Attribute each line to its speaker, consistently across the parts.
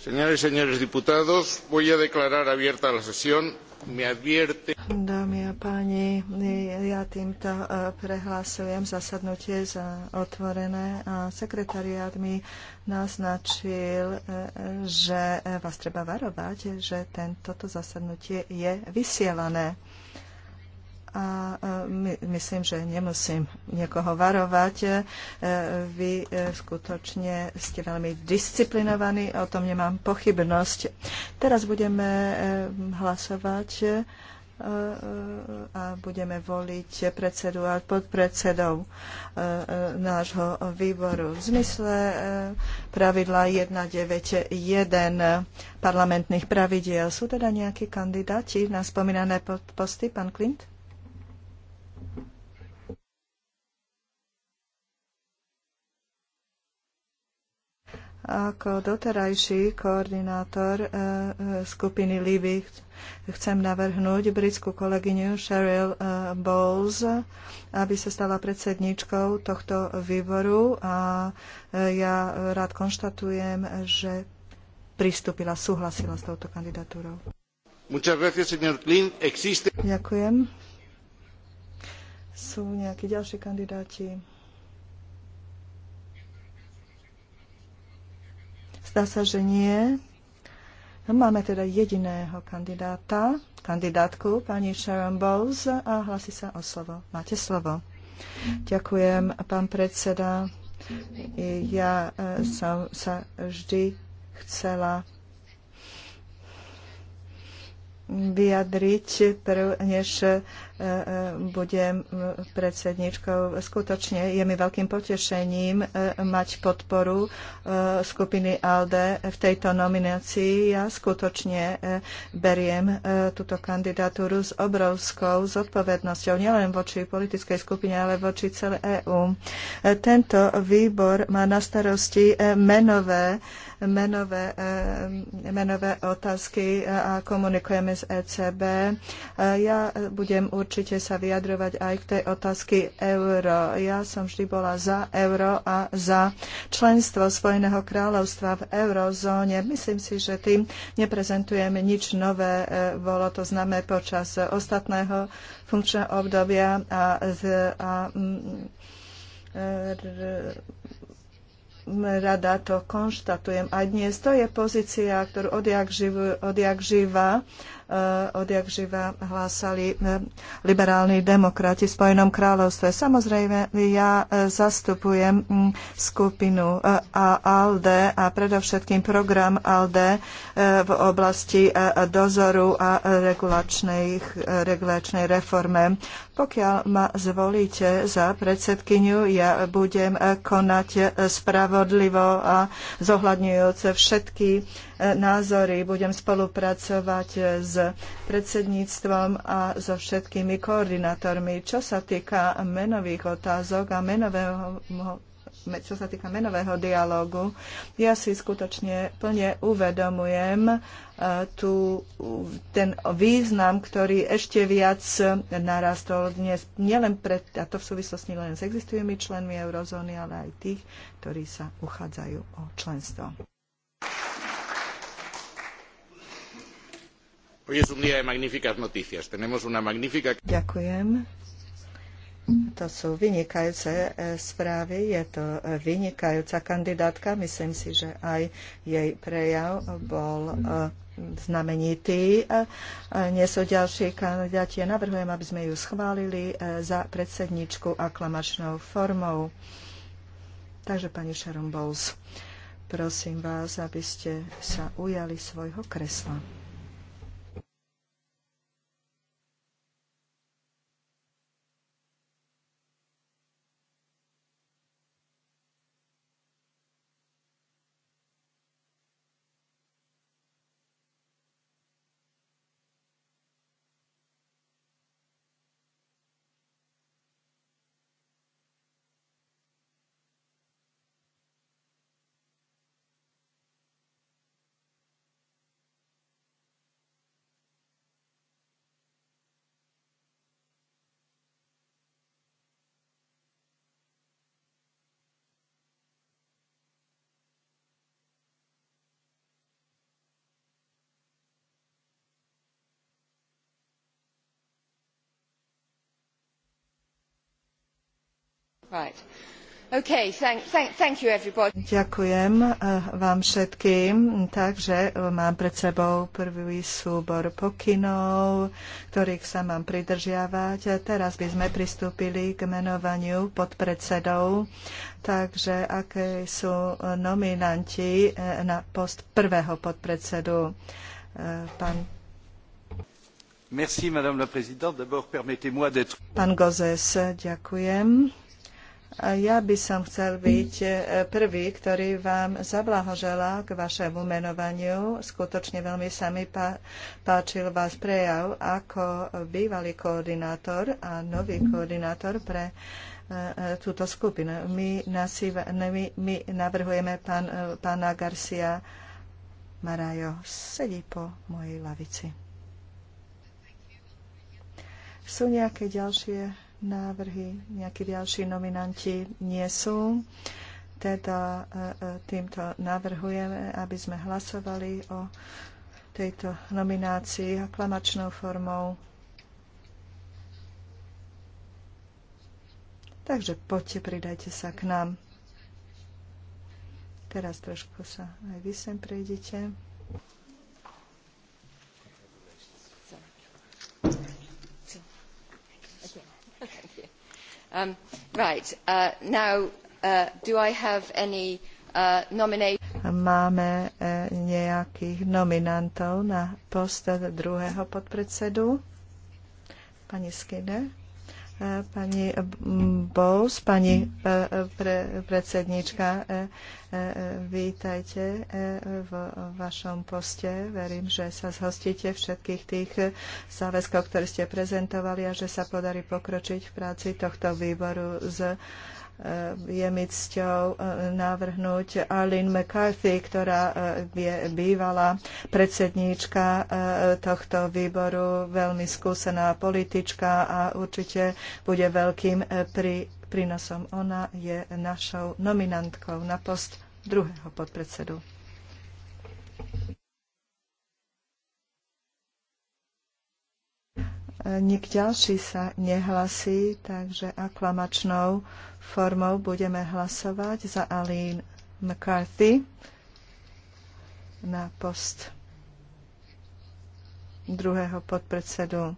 Speaker 1: Señoras y señores diputados, voy a declarar abierta la sesión. Me advierte... Dámy a páni, ja týmto e, prehlásujem zasadnutie za otvorené a sekretariát mi naznačil, e, že e, vás treba varovať, že tento, toto zasadnutie je vysielané a e, my, myslím, že nemusím niekoho varovať. E, vy e, skutočne ste veľmi disciplinovaní, o tom nemám pochybnosť. Teraz budeme hlasovať a budeme voliť predsedu a podpredsedov nášho výboru. V zmysle pravidla 191 parlamentných pravidiel sú teda nejakí kandidáti na spomínané posty, pán Klint? Ako doterajší koordinátor e, e, skupiny Libby chcem navrhnúť britskú kolegyňu Cheryl e, Bowles, aby sa stala predsedničkou tohto výboru a ja rád konštatujem, že pristúpila, súhlasila s touto kandidatúrou. Ďakujem. Sú nejakí ďalší kandidáti? Zdá sa, že nie. Máme teda jediného kandidáta, kandidátku, pani Sharon Bowles a hlasí sa o slovo. Máte slovo. Ďakujem, pán predseda. Ja e, som sa vždy chcela vyjadriť, prv, než e, e, budem e, predsedničkou. Skutočne je mi veľkým potešením mať podporu skupiny ALDE v tejto nominácii. Ja skutočne beriem túto kandidatúru s obrovskou zodpovednosťou, nielen voči politickej skupine, ale voči celé EÚ. Tento výbor má na starosti menové menové, menové otázky a komunikujeme cez ECB. E, ja budem určite sa vyjadrovať aj k tej otázky euro. Ja som vždy bola za euro a za členstvo Spojeného kráľovstva v eurozóne. Myslím si, že tým neprezentujeme nič nové. E, bolo to známe počas ostatného funkčného obdobia a, a, a mm, e, rada to konštatujem. A dnes to je pozícia, ktorú odjak, živ, odjak, živa, eh, odjak živa hlásali eh, liberálni demokrati v Spojenom kráľovstve. Samozrejme, ja eh, zastupujem mm, skupinu ALDE a predovšetkým program ALDE v oblasti dozoru a regulačnej, regulačnej reforme. Pokiaľ ma zvolíte za predsedkyňu, ja budem konať spravo spravodlivo a zohľadňujúce všetky e, názory. Budem spolupracovať e, s predsedníctvom a so všetkými koordinátormi. Čo sa týka menových otázok a menového čo sa týka menového dialógu, ja si skutočne plne uvedomujem e, tú, ten význam, ktorý ešte viac narastol dnes, nielen pred, a to v súvislosti len s existujúmi členmi eurozóny, ale aj tých, ktorí sa uchádzajú o členstvo. Hoy es un día de magníficas noticias. Tenemos una magnífica... Ďakujem to sú vynikajúce e, správy, je to e, vynikajúca kandidátka. Myslím si, že aj jej prejav bol e, znamenitý. Nie sú ďalší kandidáti. Ja navrhujem, aby sme ju schválili za predsedničku aklamačnou formou. Takže pani Sharon Bowles, prosím vás, aby ste sa ujali svojho kresla. Ďakujem eh, vám všetkým. Takže eh, mám pred sebou prvý súbor pokynov, ktorých sa mám pridržiavať. Teraz by sme pristúpili k menovaniu podpredsedov. Takže aké sú nominanti eh, na post prvého podpredsedu? Pán Merci, Madame la Présidente. D'abord, permettez-moi d'être... Pán Gozes, ďakujem ja by som chcel byť e, prvý, ktorý vám zablahoželá k vašemu menovaniu. Skutočne veľmi sa mi páčil vás prejav ako bývalý koordinátor a nový koordinátor pre e, e, túto skupinu. My, nasýva, my, my navrhujeme pán, pána Garcia Marajo. Sedí po mojej lavici. Sú nejaké ďalšie návrhy, nejakí ďalší nominanti nie sú. Teda e, e, týmto navrhujeme, aby sme hlasovali o tejto nominácii aklamačnou formou. Takže poďte, pridajte sa k nám. Teraz trošku sa aj vy sem prejdete. Um, right, uh, now uh, do I have any uh, nominations? Máme uh, nejakých nominantov na post druhého podpredsedu. Pani Skinner pani Bous, pani e, pre, predsednička, e, e, vítajte v vašom poste. Verím, že sa zhostíte všetkých tých záväzkov, ktoré ste prezentovali a že sa podarí pokročiť v práci tohto výboru s E, je mi cťou e, navrhnúť Arlene McCarthy, ktorá e, je bývalá predsedníčka tohto výboru, veľmi skúsená politička a určite bude veľkým pri, prínosom. Ona je našou nominantkou na post druhého podpredsedu. E, nik ďalší sa nehlasí, takže aklamačnou formou budeme hlasovať za Aline McCarthy na post druhého podpredsedu.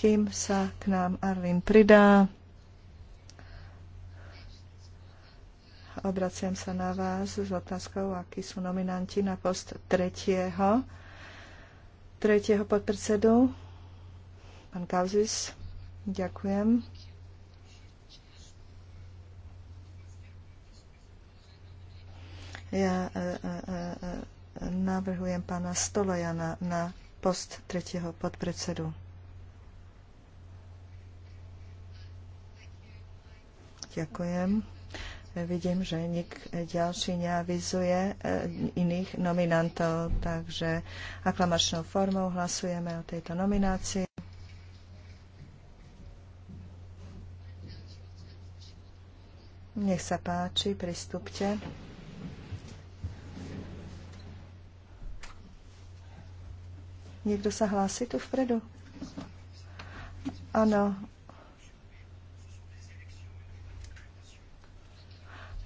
Speaker 1: Kým sa k nám Arlín pridá, obraciam sa na vás s otázkou, akí sú nominanti na post tretieho, tretieho podpredsedu. Pán Kauzis, ďakujem. Ja e, e, e, navrhujem pána Stolojana na post tretieho podpredsedu. Ďakujem. Vidím, že nik ďalší neavizuje iných nominantov, takže aklamačnou formou hlasujeme o tejto nominácii. Nech sa páči, pristúpte. Niekto sa hlási tu vpredu? Áno.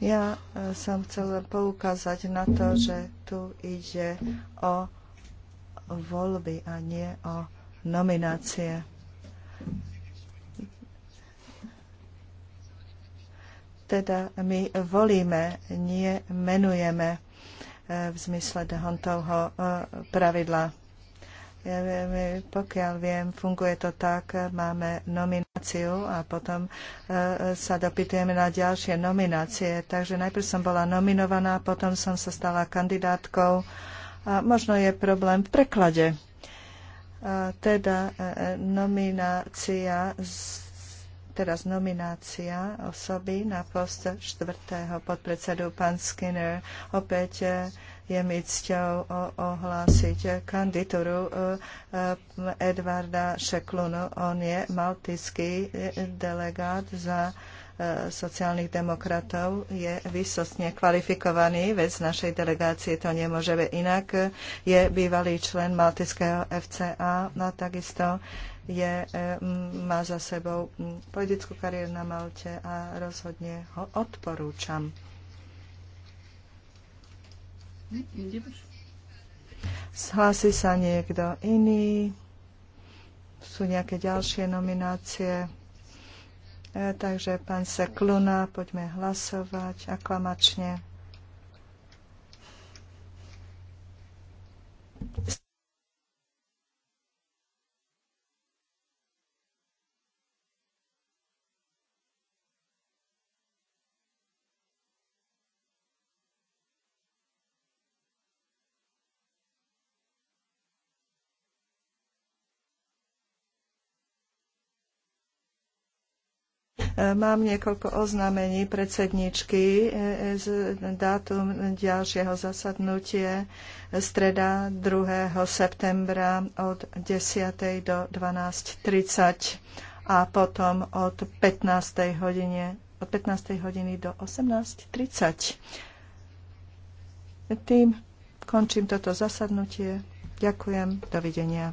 Speaker 1: Ja e, som chcel poukázať na to, že tu ide o voľby a nie o nominácie. Teda my volíme, nie menujeme e, v zmysle Dehontovho e, pravidla. E, pokiaľ viem, funguje to tak, máme nomináciu a potom sa dopytujeme na ďalšie nominácie. Takže najprv som bola nominovaná, potom som sa stala kandidátkou a možno je problém v preklade. teda nominácia z teraz nominácia osoby na post štvrtého podpredsedu pán Skinner. Opäť eh, je mi cťou eh, ohlásiť eh, kandidatúru Edvarda Šeklunu. On je maltický delegát za sociálnych demokratov je vysostne kvalifikovaný, veď z našej delegácie to nemôže byť inak. Je bývalý člen Malteského FCA no a takisto je, e, má za sebou politickú kariéru na Malte a rozhodne ho odporúčam. Hlási sa niekto iný? Sú nejaké ďalšie nominácie? Takže, pán Sekluna, poďme hlasovať aklamačne. Mám niekoľko oznámení predsedničky e, z dátum ďalšieho zasadnutie streda 2. septembra od 10. do 12.30 a potom od 15. hodine od 15. hodiny do 18.30. Tým končím toto zasadnutie. Ďakujem. Dovidenia.